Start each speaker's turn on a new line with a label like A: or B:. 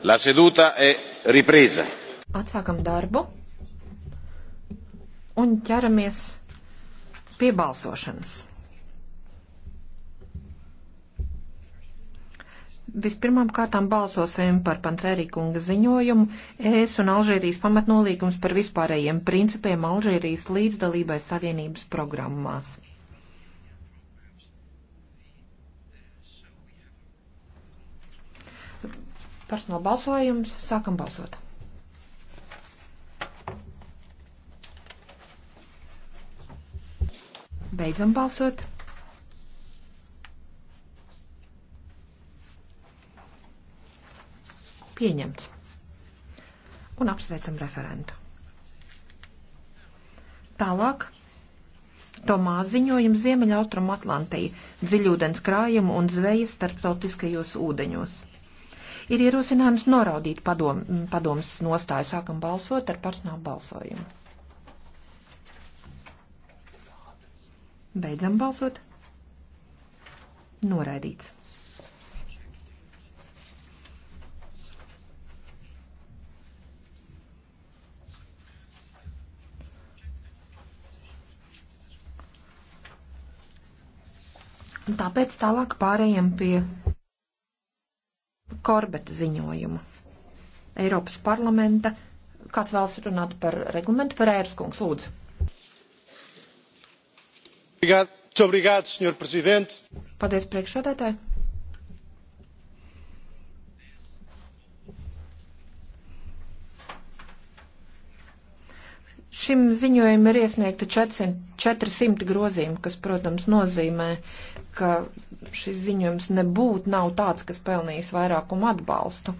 A: La seduta è ripresa. Atsākam darbu un ķeramies pie balsošanas. Vispirmām kārtām balsosim par Pancerīkunga ziņojumu ES un Alžērijas pamatnolīgums par vispārējiem principiem Alžērijas līdzdalībai savienības programmās. Personāla balsojums. Sākam balsot. Beidzam balsot. Pieņemts. Un apsveicam referentu. Tālāk. Tomā ziņojums Ziemeļaustrum Atlantija - dziļūdens krājumu un zvejas starptautiskajos ūdeņos. Ir ierosinājums noraudīt padom, padomas nostāju. Sākam balsot ar personālu balsojumu. Beidzam balsot. Noraidīts. Un tāpēc tālāk pārējiem pie Korbeta ziņojumu. Eiropas parlamenta. Kāds vēlas runāt par reglamentu? Ferēras kungs, lūdzu. Obrigado, obrigado, senhor presidente. Paldies, priekšsādātāji. Šim ziņojumam ir iesniegta 400 grozījumi, kas, protams, nozīmē, ka šis ziņojums nebūtu nav tāds, kas pelnījis vairākumu atbalstu.